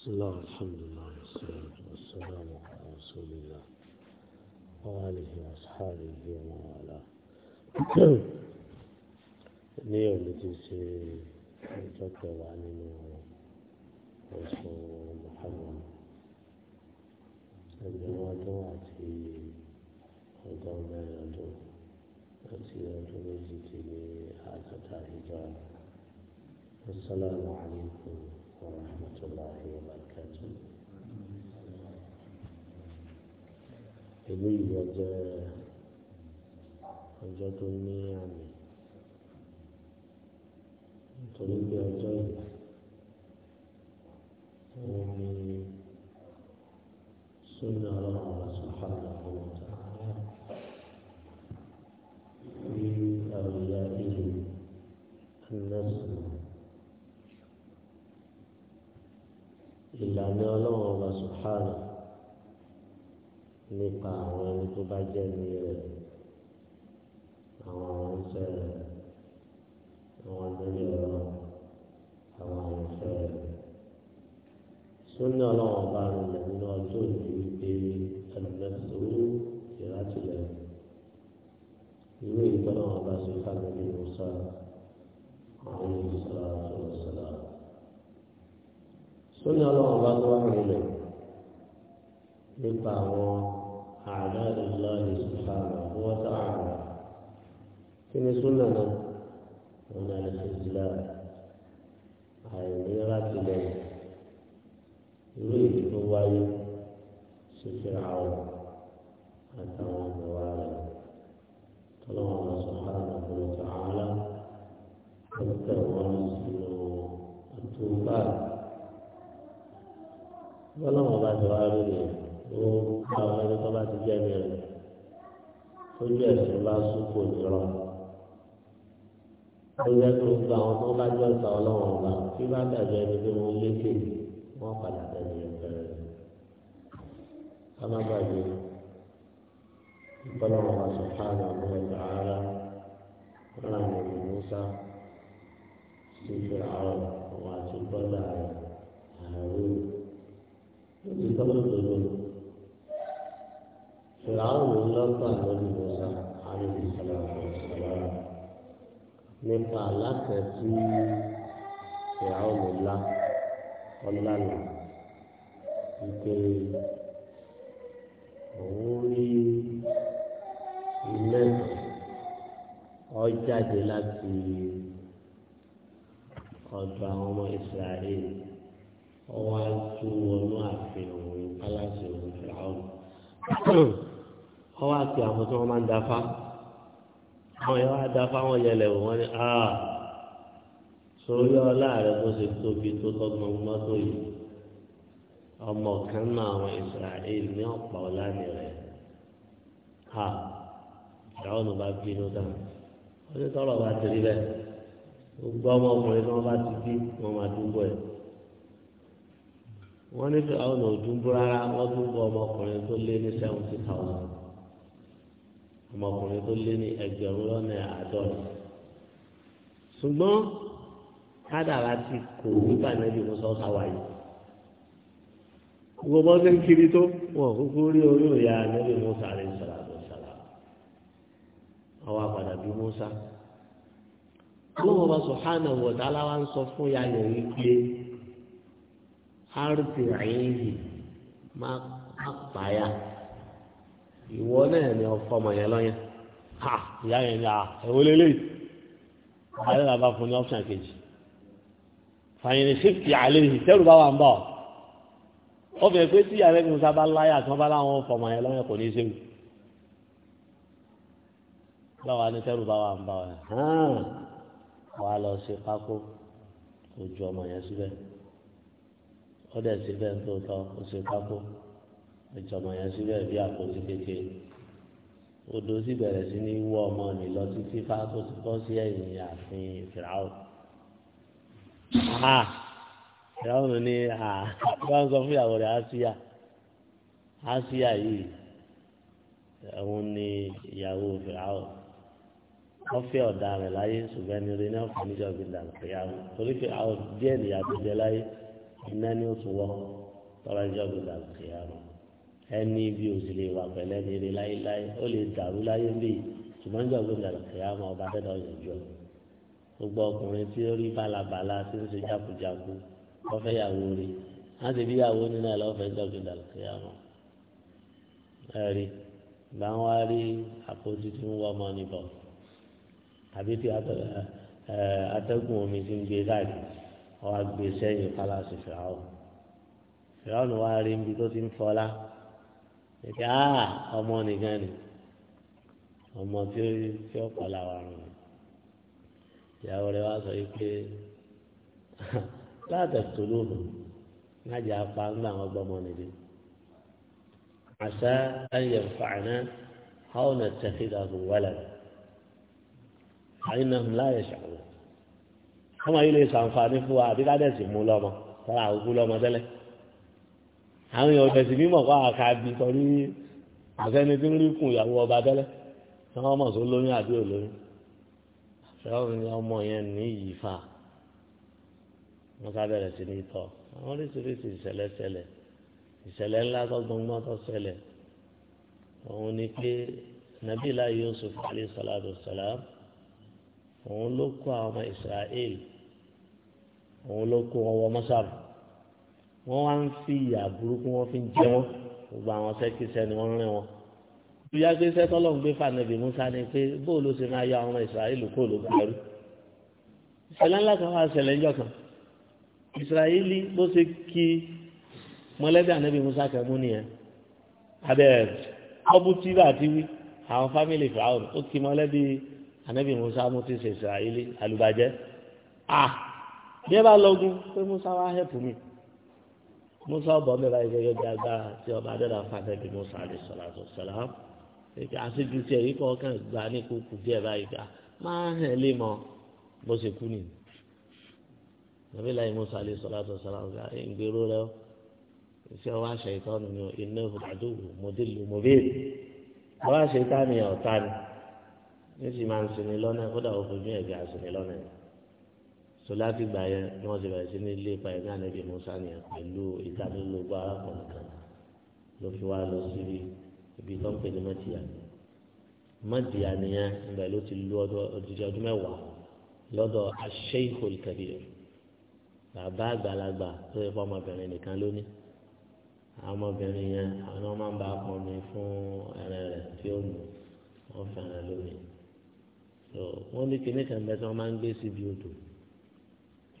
بسم الله والحمد لله والصلاة والسلام على رسول الله وآله وأصحابه ومن والاه اليوم التي سيتكلم عنه رسول محرم الجماعة وعتي ودوم يدو أسيرة مسجد هذا السلام عليكم ورحمة الله وبركاته إليه وجاء وجاء النيامي تريد وجاء ومن سنة الله سبحانه àmì ọlọ́run ọba sùhánà nípa àwọn ẹni tó bá jẹ́ ní rẹ̀ àwọn ọ̀rẹ́sẹ̀ rẹ̀ àwọn lórí ọ̀rọ̀ àwọn ọ̀rẹ́sẹ̀ rẹ̀. súnà ọlọ́run ọba rẹ̀ nínú ọjọ́ ìlú wípé ẹnìmẹ́sọ̀rọ̀ ìrátìlẹ̀ ìwé ìtọ́nà ọba sùhánà nínú sọ́ọ̀ àwọn ìṣòro àti ìṣòro ó ní ọlọ́run bá tó wà nílẹ̀ nípa àwọn àdá ìlọ ìsúfà àwọn ọ̀tá àrùn kí ni súnà náà wọn ní alẹ́ ìjìlá àìní láti lẹ̀ irú ìdí wáyé ṣe fi àwọn àtàwọn. lójú ẹ̀sìn bá sùkò nírọ̀ ẹgbẹ́ tó gba àwọn tó bá jọ ta ọlọ́wọ́n ọba tí bá dàbí ẹni pé wọ́n lékè wọ́n padà tẹ̀lé ẹgbẹ́rẹ́ alábàgbé ìpọ́nlọ́wọ́n wa sọ̀tàn àwọn ẹ̀dá ara rárá ní ìlú Musa sí Fìràwọ̀ àwọn àti bọ́dà ààrùn lórí tọ́lọ́dọ̀dọ̀ fìlàwọ̀ lọ́gbà lórí mọ́sá àrùn ìsàlàmù ìsàlàmù nípa alákẹ́tì fìlàwọ̀ ńlá ọ̀làlà ìpè òun rí ilé ọjáde láti ọ̀dọ̀ àwọn ọmọ Ísírẹ́lì ọwọ́ àti wọnú àfihàn ìpalásẹ̀ òun fìlàwọ̀ kọ́ wá sí àwọn tí wọ́n máa ń dáfá àwọn yẹn wá dáfá wọn yẹlẹ wò wọ́n ní a sórí ọlá rẹ bó ṣe tóbi tó tọgbọ́n mọ́tò yìí ọmọ kan náà àwọn Israel ní ọ̀pá ọlá ni rẹ̀ ha ìdáwọ́ ló bá bínú dáhùn ó ní tọ́lọ̀ bá ti rí bẹ́ẹ̀ gbogbo ọmọkùnrin tí wọ́n bá ti bí wọ́n máa dúgbò ẹ̀ wọ́n ní fi àwọn òdúgbò rárá wọ́n dúgbò ọmọkùnrin tó lé ní seventy thousand ọmọkùnrin tó lé ní ẹgbẹ̀rún lọ́nà àádọ́rin ṣùgbọ́n kádàrá ti kò nígbà nẹ́bí mo sọ sáwàyé gbogbo ọdún kiri tó wọn kúkú rí orí òya nẹ́bí mo sàré sàràbọ̀ sàràbọ̀ àwọn àpàdà bí mo sá lọ́wọ́ bá aláwa ń sọ fún ya yẹn wípé rt ẹ̀yìn yìí má pààyà ìwọ náà ni ọkọ ọmọ yẹn lọ́yẹn ha ìyá yẹn ni à ah, ẹ̀wọ́ lélẹ́yìí ayé làbá fún ní ọ́pṣàn kejì fàyẹ̀nì sífìtì àlẹ́ yìí tẹ́rù bá wà ń bọ̀ ó fẹ́ pé tí ìyá rẹ̀ kì í sábà láyà tí wọ́n bá láwọn ọkọ ọmọ yẹn lọ́yẹn kò ní í séwu báwa ni tẹ́rù bá wà ń bọ̀ ẹ̀ hàn wà lọ sí pákó ojú ọmọ yẹn síbẹ̀ ó dẹ̀ síbẹ̀ tó tọ́ ó sí pákó ìjọmọ yẹn síbẹ̀ bí àpótí kékeré odò sì bẹ̀rẹ̀ sí ní wọ́ ọmọ mi lọ títí fáko ti kọ́ sí ẹ̀yìn ààfin fìràwọ̀ fìràwọ̀ ní wọ́n sọ fún ìyàwó rẹ̀ ásíà ásíà yìí òun ni ìyàwó fìràwọ̀ wọ́n fẹ́ ọ̀dà rẹ̀ láyé ṣùgbọ́n ẹni rẹ̀ náà fún níjọ́ gbìdà ìyàwó torí fìràwọ̀ díẹ̀ nìyàwó jẹ láyé iná ó tún wọ́ tọ́lá níjọ́ gbìdà ìyàwó ẹni bí o sì lè wà pẹ̀lẹ́ ní eré láéláé ó lè dàrú láyé bí ṣùgbọ́n nígbà tó dàrú kẹ̀yà máa ọba tẹ́lẹ̀ ọ̀yàn jọ gbogbo ọkùnrin tí ó rí bálabàla tí ń ṣe jákujáku lọ́fẹ́ yàwó rí wọ́n ti bí yàwó nínú ẹ̀ lọ́fẹ́ nígbà tó dàrú kẹ̀yà mọ́ ẹ̀rí bá wọn rí àpótí tí ń wọ́ ọmọ níbọ̀ àbí tí atẹ́gùn omi ti ń gbé káàkiri wọ́n á sẹ́yìn pálásì fìràwọ̀ fìràwọ̀ ni wọ́n á rí ibi tó ti ń fọlá èdè áà ọmọ nìkan ni ọmọ tí ó tí ó kọ́ la wà rùn ìyàwó rẹ wá sọ yìí pé látẹ̀tù lóhùn lájà apá ńlá àwọn ọgbọ́n ọmọ nìdí àṣà ẹ̀yẹ̀ fàánà àwọn ẹ̀tẹ̀kìdà kò wọlé àyìn náà láyé ṣàwọn ọmọ yìí lè ṣàǹfààní fún wa àbí ká dẹ̀ sì mú lọ́mọ tọ́lá àwùkú lọ́mọ tẹ́lẹ̀ àwọn èèyàn ọ̀fẹ́ sí mímọ̀ kọ́ àkàbí torí àfẹ́ni tí ń rí kùn ìyàwó ọba tẹ́lẹ̀ tí wọ́n mọ̀ tó lóyún àbí olóyún ṣẹ́wọ́n ni ọmọ yẹn ní ìyí fa wọ́n sá bẹ̀rẹ̀ sí ní tọ́ àwọn oríṣiríṣi ìṣẹ̀lẹ̀ ṣẹlẹ̀ ìṣẹ̀lẹ̀ ńlá tó gbọ́ngbọ́n tó ṣẹlẹ̀ òun ni pé nàbílà Yusuf alayhi salatu salam òun ló kó àwọn ọmọ Israel òun ló kó wọ́n wá ń fi ìyà burúkú wọ́n fi ń jẹ wọ́n gbogbo àwọn sẹ́kísẹ́ ni wọ́n rìn wọ́n. ìyá gbé sẹ́tọ́lọ́ ń gbé fànàbì musa ni pé bóò ló ṣe máa ya ọmọ ìsirayélu kó ló gbẹrú. ìṣẹ̀lẹ̀ ńlá kan wá ṣẹlẹ̀ ńjọ́ kan ìsirayéli bó ṣe kí mọ̀lẹ́bí ànábì musa kan mú nìyẹn. abẹ́ ọbútí bá ti wí àwọn fámìlì fàáwọ̀ ó kí mọ̀lẹ́bí ànábì musa mú ti ṣe ìsirayéli alùbàjẹ́. à ah, bí ẹ bá lọ́gùn pé musa wá hẹ́pù mi musa ọba mẹ́ta gẹ́gẹ́ bí agbára tí ọba adẹ́dà fàtẹ́bí musa alẹ́ sọ̀rọ̀ àtọ̀ sọ̀rọ̀ àṣejù tiẹ̀ yìí kọ́ kàn gbà ní kókò díẹ̀ báyìí ká máa hàn lé mọ́ bó ṣe kú nìyí. nàbí láyé musa alẹ́ sọ̀rọ̀ àtọ̀ sọ̀rọ̀ ọ̀gá ìgbèrò rẹ iṣẹ́ wa ṣe ìtọ́nu ni iná ìfọ̀dàdúró mọ̀délù mọ̀béèrè wa ṣe ìtànìyàn ọ̀tá ni ní sì máa ń sinmi lọ́nà kódà ó fojú ẹ̀gbẹ́ àṣìní lọ́nà yìí tó láti gbà yẹn ni wọ́n ti bẹ̀rẹ̀ sí ní ilé ipa ẹ̀mí ànábì musa nìyẹn pẹ̀lú ìdánilógbó arákùnrin kan ló fi wá lọ sí ibi tó ń pè ní mọ́tìyà mọ́tìyà nìyẹn níbẹ̀ ló ti lu odidi ọdún mẹ́wàá lọ́dọ̀ aṣẹ́yìnkòl kabir bàbá àgbàlagbà tó yẹ fún ọmọbìnrin nìkan lónìí àwọn ọmọbìnrin yẹn àwọn ọmọ máa ń bá pọnmi fún ẹrẹ rẹ tí ó mú wọn fẹ́ràn lónìí wọ́n ní kinní kan bẹ́ẹ̀ tí wọ́n máa ń gbé síbi odò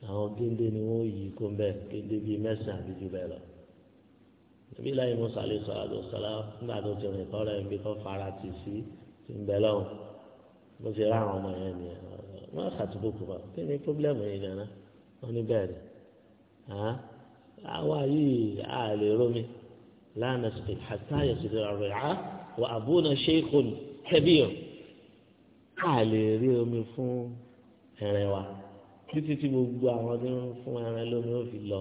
àwọn géńdé ni wọ́n yí kó ń bẹ́ẹ̀ géńdé bíi mẹ́sàn-án àbí jù bẹ́ẹ̀ lọ. nàbí láyé musa lè sọ àdó sọlá nígbà tó ti rìn tọ́lá ẹ̀mí tó fara tì sí ti ń bẹ lọ́hùn bó ti rá àwọn ọmọ yẹn ni wọ́n ṣàtúbùkù bá kí ni pọ́blẹ́mù yìí gánà wọ́n ní bẹ́ẹ̀ ni àwa yìí a lè rómi lánàá sí hatta yasira ar-ri'a wa abuna shaykhun kabir a lè rí omi fún ẹ̀rẹ̀ wa títí tí gbogbo àwọn tí ń fún ẹran lómi ó fi lọ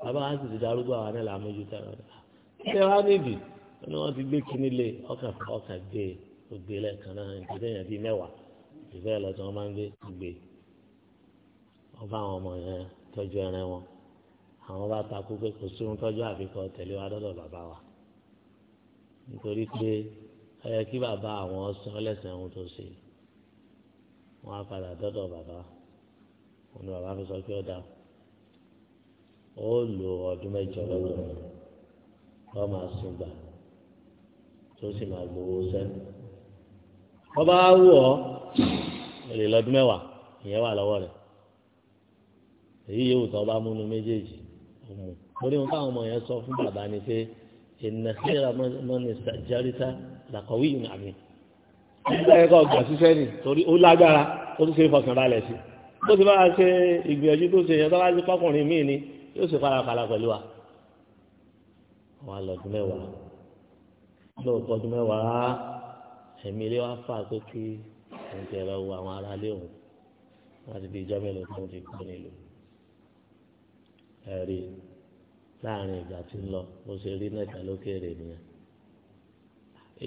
bàbá wa sì ti darúgbó àwọn náà làá mójútó ẹran náà ṣé wàá níbi ni wọn ti gbé kíní lé ọkà ọkà gbé ògbé lẹ́ẹ̀kan náà ìdílé yẹn bíi mẹ́wàá ìfẹ́ lọ tí wọn máa ń gbé gbé wọn bá àwọn ọmọ yẹn tọ́jú ẹran wọn àwọn bá takú pé kò sóhun tọ́jú àfikọ́ tẹ̀lé wa dọ́dọ̀ bàbá wa nítorí pé ẹ yẹ kí bàbá àwọn ọsàn ọlẹ́sìn ẹ̀hún tó ṣe wọn á padà dọ́dọ̀ bàbá wa òun ni bàbá fi sọ pé ọ̀dà ó lo ọdún mẹ́jọ lọ́dún wọ́n máa sin gbà tó sì máa gbowó sẹ́. wọ́n bá wù ọ́ èrè lọ́dún mẹ́wàá ìyẹn wà lọ́wọ́ rẹ̀ èyí yòówù tó bá múnú méjèèjì ọmọ orí wọn káwọn ọmọ yẹn sọ fún bàbá ni pé ìnà síra mọ́ni jẹ́rìtà làkọ̀wé ìnàmì. ẹ̀ka ẹ̀ka ọgbà ṣiṣẹ́ nì torí ó lágbára ó tún ṣe é fọkàn balẹ̀ sí i bó ti bá a ṣe ìgbìyànjú tó ṣe yẹn tó bá ti kọkùnrin míì ni yóò ṣe farakala pẹ̀lú wa wọn lọ́dún mẹ́wàá lóòótọ́ ọdún mẹ́wàá ẹ̀mí ilé wa fà pé kí òun ti ẹ̀rọ wo àwọn aráalé òun láti fi ìjọ mélòó tó ń fi kú nílùú ẹ̀rí láàrin ìgbà tí ń lọ bó ṣe rí náà ìtàlókèrè nìyẹn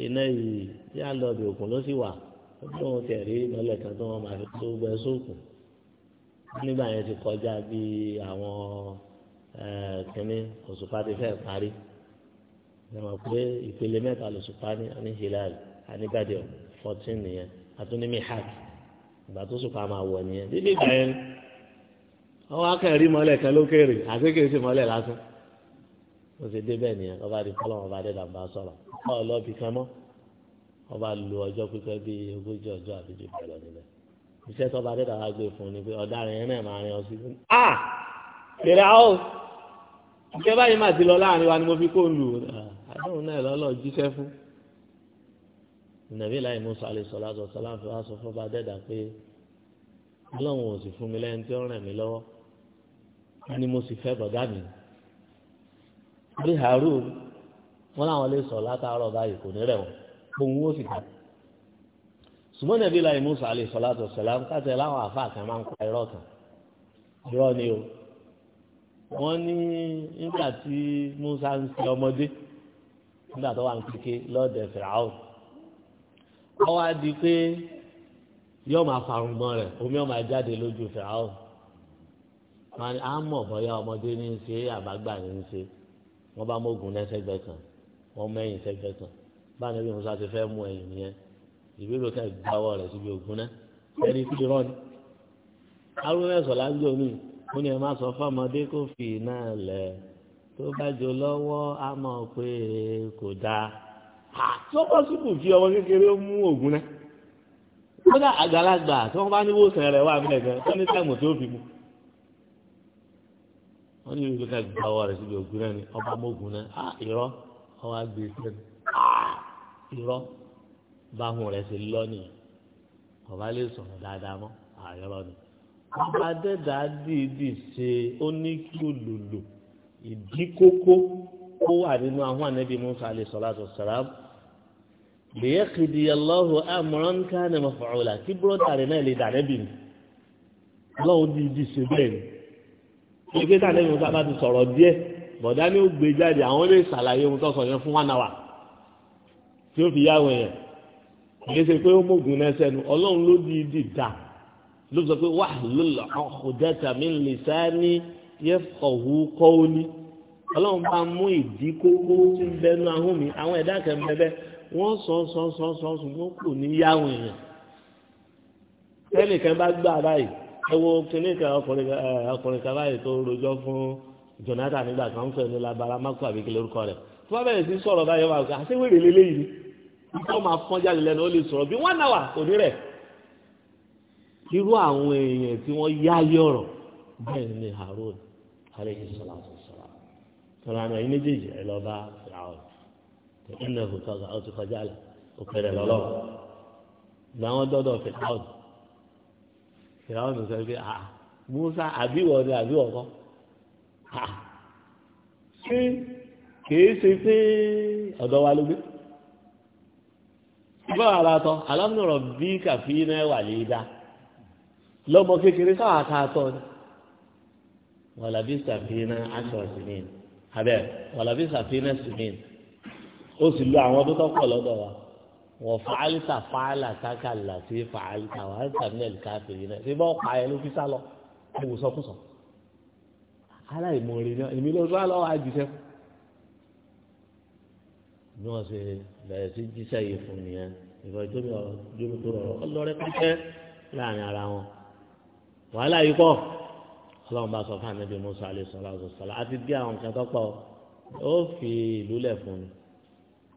iná yìí tí lọ bí òkun ló sì wà ó bí wọn ti ẹ̀rí ìmọ̀lẹ̀ kan tó wọn máa fi tó gbẹ sóòkùn nígbà yẹn ti kọjá bí àwọn kínní òṣùpá ti fẹ́ parí ìyàmọ̀ pé ìpele mẹ́ta lòṣùpá ní àní hilal àní gàdíọ̀ fourteen nìyẹn àtúní mihak ìgbà tó ṣùpá máa wọ̀ nìyẹn dídí ìgbà yẹn ọwọ́ akẹ́rì mọ́lẹ̀ kan lókèrè àti kìí sì mọ́lẹ̀ lásán ó ti dé bẹ́ẹ̀ nìyẹn ọba di kọ́lọ́ ọba dẹ́dà bá sọ̀rọ̀ ọba ọlọ́ọ̀bì kan mọ́ ọba lu ọjọ́ pípẹ́ bíi ogójì ọjọ́ àbíjú bẹ̀rẹ̀ nílẹ̀ iṣẹ́ tó bá dẹ́ta wá gbé fún ni pé ọ̀daràn yẹn náà máa rin ọ sí fún mi. a fèrè ìṣe báyìí mà ti lọ láàrin wa ni mo fi kó lù àdéhùn náà lọ́lọ́ jíṣẹ́ fún. nàbí láì musa alẹ́ sọlá sọ sọlá fi wá sọ fún dẹ́ta pé ọlọ́run ò sì fún mi lẹ́yìn tí ó ràn mí lọ́wọ́ ni mo sì fẹ́ bọ̀dá mi. bí haru wọn làwọn lè sọ látàárọ̀ báyìí kò ní rẹ̀ wọ́n gbóhùn ó sì dàbí ṣùgbọ́n nàbí láì Musa alayhi salatu wassalam káàtẹ́ láwọn àfa kan máa ń pa irọ́ kan irọ́ ni o wọ́n ní nígbà tí Musa ń ṣe ọmọdé nígbà tó wà ń kéke lọ́ọ̀dẹ̀ fìràwọ̀ ọ wá di pé yóò máa farun mọ́ rẹ̀ omi yóò máa jáde lójú fìràwọ̀ wọn ni mọ̀ bọ́yá ọmọdé ní ṣe àbágbà ní ṣe wọ́n bá mógun lẹ́sẹ̀gbẹ́ kan wọ́n mẹ́yìn sẹ́gbẹ́ kan báyìí nàbí Musa ti fẹ́ mú ẹ̀yìn nìyẹn. ìbílò ká gbáwọ́ rẹ̀ síbi ògùn náà ẹni tí irọ́ ni lájọ mi ní ẹ má sọ fọmọdé kó fi náà lẹ tó bá jọ lọ́wọ́ a mọ̀ pé kò dáa fi ọmọ kékeré mú ògùn náà kódà àgbàlagbà tí wọ́n bá ní wòsàn rẹ̀ wà tó ní táìmù tó fi mu wọ́n ní ìbílò síbi ògùn náà ni ọba náà ọwọ́ àgbè báwọn rẹ̀ ṣe lọ nìyẹn ọba lè sọ̀rọ̀ dáadáa mọ́ àyọ̀rọ̀ ni. ọba dẹ́dà dìídì ṣe ó ní kí olùlò ìdí kókó kó wà nínú àwọn ànábì Musa alayhi salatu wassalam. lèyẹ kìdí Allahu amran kana maf'ula kí búrọ́dà rẹ̀ náà lè dàrẹ́bì ni. ọlọ́run dìídì ṣe bẹ́ẹ̀ ni. ṣé dàrẹ́bì Musa bá ti sọ̀rọ̀ díẹ̀ bọ̀dá ó gbé jáde àwọn lè ṣàlàyé ohun tó sọ yẹn fún one hour tí ó fi yáwó yẹn kìí ṣe pé ó mọ̀gùn náà sẹ́nu ọlọ́run ló di dìda ló sọ pé wàá lọ́lọ́ ọ̀kọ̀dẹ́ta mi lè sáání yẹ kọ̀wú kọ́ọ́ni ọlọ́run bá mú ìdí kókó tí ń bẹnu ahọ́n mi àwọn ẹ̀dá kan bẹ́ẹ̀ wọ́n sọ sọ sọ sọ ṣùgbọ́n kò ní yáwọn èèyàn tẹ́nìkan bá gbà báyìí ẹ wo kìnnìkan ọkùnrin kan báyìí tó rojọ́ fún Jonathan nígbà kan ń fẹ́ ní labaramako àbíkí lórúkọ rẹ̀ tí wọ́n sí sọ̀rọ̀ báyìí wọ́n àgbà ìtọ́ máa fọ́n jáde lẹ́nu ó lè sọ̀rọ̀ bí one hour kò rẹ̀ irú àwọn èèyàn tí wọ́n yáyé ọ̀rọ̀ bẹ́ẹ̀ ni Harun alayhi salatu wassalam tọ́lá àná yìí méjèèjì ẹ lọ́ba fìràwọ̀ ẹ̀ẹ́nà òkúta ó ti kọjá lẹ̀ òkèrè lọ́lọ́ ìgbà wọn dọ́dọ̀ fìràwọ̀ fìràwọ̀ sọ pé ah Musa àbíwọ̀ ni àbíwọ̀ kọ́ ah ṣé kìí ṣe pé ọ̀dọ́ wa ló gbé ìbá ara tọ́ alámúnọ̀rọ̀ bí kàfí náà wà lè dá lọ́mọ kékeré sáwà tá a tọ́ ni wọ́n làbí sàfihàn aṣọ sinin abẹ́ wọ́n làbí sàfihàn sinin ó sì lo àwọn ọdún tó pọ̀ lọ́dọ̀ wa wọ́n fàálítà fàálà kákàlà sí fàálítà wà á sàmìlẹ̀ káfíìrì náà ṣé bọ́ọ̀ pa ẹnu fi sálọ ẹ̀wù sọkúsọ aláìmọ̀ọ́rẹ́ náà èmi ló sálọ àjùṣẹ́kù bí wọ́n ṣe bẹ̀rẹ̀ sí jíṣẹ́ yìí fún nìyẹn ìfọ̀ ìtòmí ọ̀rọ̀ jómi tó rọrọ̀ ọlọ́rẹ́ pípẹ́ láàrin ara wọn. wàhálà yìí pọ̀ ọlọ́run bá sọ fún ànábì Musa alayhi salatu wassalam àti bí àwọn nǹkan tó pọ̀ ó fi ìlú lẹ̀ fún mi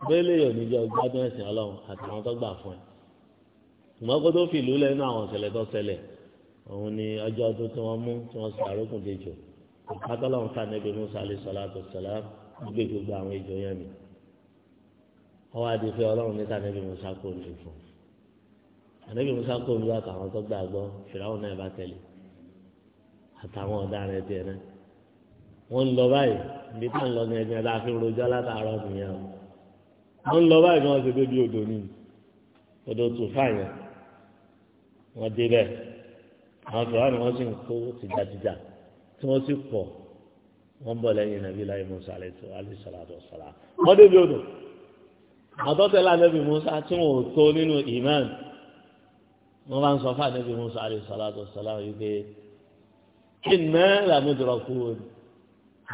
bẹ́ẹ̀lẹ̀ yóò níjọ́ gbádùn ẹ̀sìn ọlọ́run àti àwọn tó gbà fún ẹ. ìmọ̀ kó tó fi ìlú lẹ̀ nínú àwọn ìṣẹ̀lẹ̀ tó ṣẹlẹ̀ òun ni ọjọ́ ọdún tí wọ́n mú tí wọ́n sì àrókùn ìpátọ́lọ́run fún ànábì Musa alayhi salatu gbé gbogbo àwọn ìjọ yẹn mi wọn wá di pé ọlọ́run ní sànẹ́bí musa kò ní fún sànẹ́bí musa kò ní àtàwọn tó gbàgbọ́ fìràwọn náà bá tẹ̀lé àtàwọn ọ̀daràn tiẹ̀ náà wọ́n ń lọ báyìí ibi tá ń lọ ní ẹgbẹ́ tá a fi rojọ́ látàárọ̀ nìyẹn o wọ́n ń lọ báyìí wọ́n ti débi odò ní odò tùfà yẹn wọ́n débẹ̀ àwọn fìràwọn wọ́n sì ń kó tìjàtìjà tí wọ́n sì pọ̀ wọ́n bọ̀ lẹ́yìn nàbí láyé musa alẹ́ sọ̀rọ̀ àdó sọ̀rọ̀ àtọ́tẹ́lá nẹ́bí musa tí wọn ò tó nínú iman wọn bá ń sọ fún ànẹ́bí musa alayhi salatu wa salam yìí pé kí nà làmúdúrọ̀ kú wọn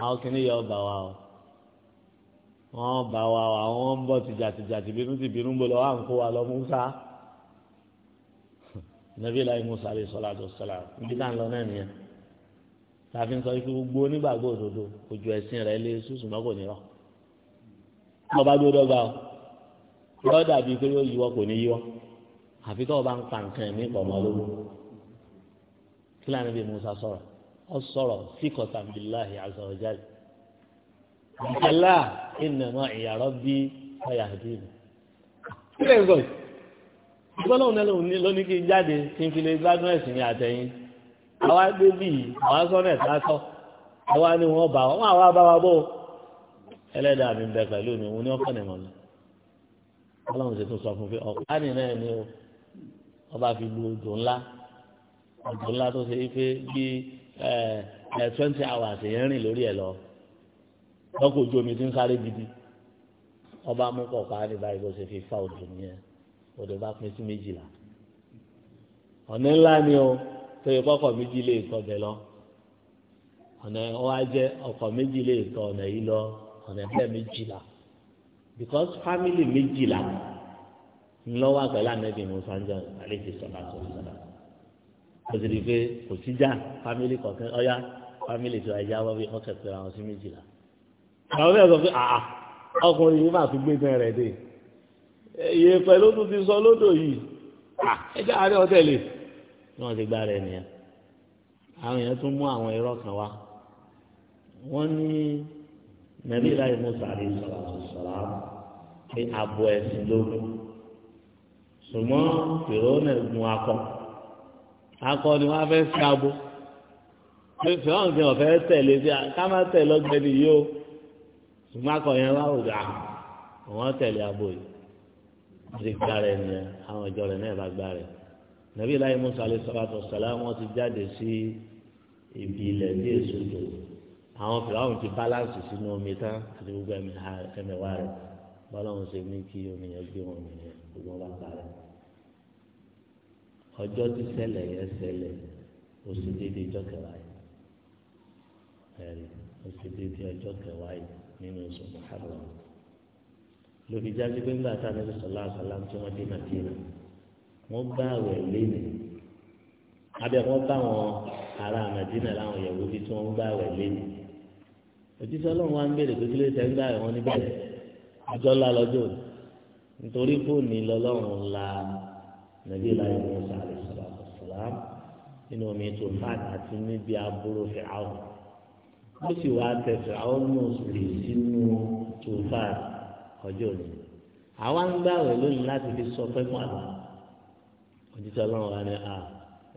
àwọn kìnìún yọ bá wa o wọn bá wa o àwọn ń bọ̀ tìjàtìjàtì bínú ti bínú ń bọ̀ lọ́wọ́ à ń kó wa lọ musa nàbí láì musa alayhi salatu wa salam níbi tá à ń lọ náà nìyẹn tàbí ń sọ ikú gbogbo onígbàgbọ́ òdodo ojú ẹ̀sìn rẹ̀ lé sùsùn mọ́kò nírọ̀ ọba gbọ́dọ̀ gbà o. lọ́dà bíi pé yóò kò ní àfi tó o bá ń pa nǹkan ẹ̀mí pọ̀ mọ́ lówó kí bí Musa sọ̀rọ̀ ọ sọ̀rọ̀ síkọ̀tà bíláhi azọ̀jáde ìjẹ́lá ìnàmọ́ ìyàrá bí ọ̀yà àdínì. kí lè gbọ́ ìgbọ́lọ́hùn náà lóní kí n jáde kí n fi lè gbádùn ẹ̀sìn ní àtẹ̀yìn àwa gbé bí àwa sọ àwa ni wọ́n bá wọn àwa bá wa ọlọ́run sì tún sọ fún fi ọ̀kánì náà ni o ọba fi lu odò ńlá odò ńlá tó ṣe wípé bí ẹ twenty hours èèyàn rìn lórí ẹ lọ lọ́kọ̀ ojú omi ti ń sáré gidi ọba mú kọ̀ọ̀kan ní báyìí bó ṣe fi fa odò nìyẹn odò bá pín sí méjìlá ọ̀nà ńlá ni o tó yẹ kọ́kọ̀ méjì lè tọ́ bẹ̀ lọ ọ̀nà ọ jẹ́ ọkọ̀ méjì lè tọ́ ọ̀nà yìí lọ ọ̀nà ẹ̀fẹ́ because family méjìlá ńlọ́wọ́ àgbẹ̀lá nẹ́bí musa ń jẹun àlejò sọ̀rọ̀ àti ọ̀sọ̀rọ̀ òsèré pé kò síjà family kọ̀ọ̀kan ọ̀yá family tí wàá yá wọ́n bí wọ́n kẹ̀kẹ́ ra wọn sí méjìlá. àwọn bẹ́ẹ̀ sọ pé àà ọkùnrin yìí máa fi gbé tán rẹ̀ dé iye pẹ̀lú tó ti sọ lódò yìí ẹ jẹ́ àárẹ̀ ọ̀tẹ̀lẹ̀ ni wọ́n ti gbá rẹ̀ nìyẹn. àwọn èèyàn tún mú àwọn irọ́ kan wá wọ́n ní nàbí láyé musa àlè sọlá sọlá pé abo ẹsìn lógún ṣùgbọ́n fìrọ́nà gun akọ akọ ni wọ́n fẹ́ sí abo pé fìrọ́nà ti ọ̀fẹ́ tẹ̀lé sí ká má tẹ̀lé ọgbẹ́ni yìí o ṣùgbọ́n akọ yẹn wá òdò àwọn ah, àwọn tẹ̀lé abo yìí wọ́n ti gbá rẹ̀ nìyẹn àwọn ìjọ rẹ̀ náà bá gbá rẹ̀ nàbí láyé musa àlè sọlá sọlá wọ́n ti jáde sí ibi ilẹ̀ bí èso tó àwọn fìlàwọn ti balance sínú omi tán àti gbogbo ẹmẹ̀wá rẹ̀ bọ́láwọn ṣe ní kí omi yẹn gbé wọn nìyẹn gbogbo wọn bá parẹ́ ọjọ́ tí ṣẹlẹ̀ yẹn ṣẹlẹ̀ oṣù dídí ọjọ́ kẹwàá yìí ẹ̀rí oṣù dídí ọjọ́ kẹwàá yìí nínú oṣù Muharram lóbi jáde pé nígbà tá a níbi sọlá àṣàlá tí wọ́n dé Màdínà wọ́n bá àwẹ̀ léni abẹ́ wọ́n bá wọn ará Màdínà láwọn yẹ̀wò bí tí wọ́n bá àwẹ̀ léni òjíṣẹ́ ọlọ́run wa ń béèrè pé kí ló ṣe ń gbà ẹ̀wọ̀n níbẹ̀ àjọ ńlá lọ́jọ́ nítorí fóònù lọ́lọ́run la nàbí ìlànà ìmọ̀ọ́sà àlùsàlám nínú omi tó fáàn àti níbi aburú fìhàwọn ó sì wá tẹ fìhàwọn náà sì sínú tó fáàn ọjọ́ òní àwa ń gbà wẹ̀ lónìí láti fi sọ pé mọ́ àlọ́ òjíṣẹ́ ọlọ́run wa ni a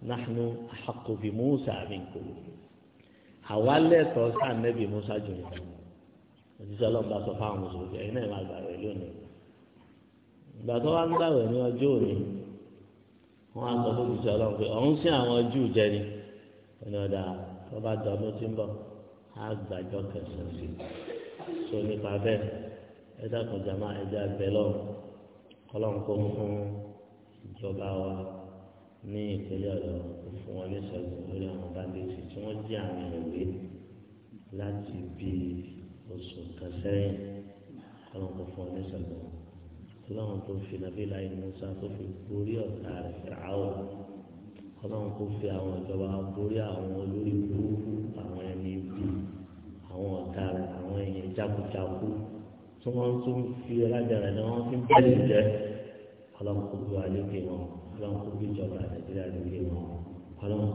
nahnu ahakkobi musa minkum àwa lẹ́tọ̀ọ́ sànẹ́bì musa jùlọ òṣìṣẹ́ ọlọ́ba sọ fáwọn mùsùlùmí ẹ̀yin náà máa gbàwẹ̀ lónìí ìgbà tó wá ń gbàwẹ̀ ní ọjọ́ òní wọ́n á sọ fún òṣìṣẹ́ ọlọ́run pé ọ̀hún sí àwọn júù jẹni ẹni ọ̀dà tó bá dọ̀ ọdún tí ń bọ̀ á gbàjọ kẹsàn-án sí i so nípa bẹ́ẹ̀ ẹ dákun jàmá ẹja bẹ́ẹ̀ lọ́run kọ́lọ́run kó mú fún ìjọba wa ní ìpínlẹ̀ ọ̀yọ́ fún wọn ní sọ́ọ̀tún lórí àwọn báńdéèjì tí wọ́n jí àmì ìwé láti bí oṣù kan sẹ́yìn ọlọ́run kò fún wọn ní sọ́ọ̀tún ọlọ́run tó fi nàbí láì musa tó fi borí ọ̀tá rẹ̀ fìràwọ̀ ọlọ́run kò fi àwọn ìjọba borí àwọn olórí burúkú àwọn ẹni bí àwọn ọ̀tá rẹ̀ àwọn èèyàn jákujáku tí wọ́n tún fi ẹlájà rẹ̀ ni wọ́n fi bẹ́ẹ̀ jẹ́ ọlọ́run kò gbé wa ọlọ́run kó bí ìjọba nàìjíríà lórí wọn ọlọ́run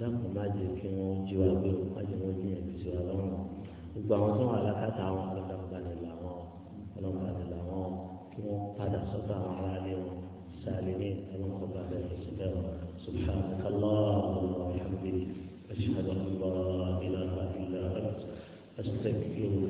dákun má jẹ́ kí wọ́n jí wa gbé wọn má jẹ́ wọ́n jí ẹ̀mí sí wa lọ́rùn gbogbo àwọn tó wà lákàtà àwọn ọlọ́run bá nílò àwọn ọlọ́run bá nílò àwọn kí wọ́n padà sọ́tọ̀ àwọn aráalé wọn sàlẹ̀ ọlọ́run kó bá bẹ̀rẹ̀ sí bẹ́ẹ̀ wọn subhanaka allahumma wa bihamdika ashhadu an la ilaha illa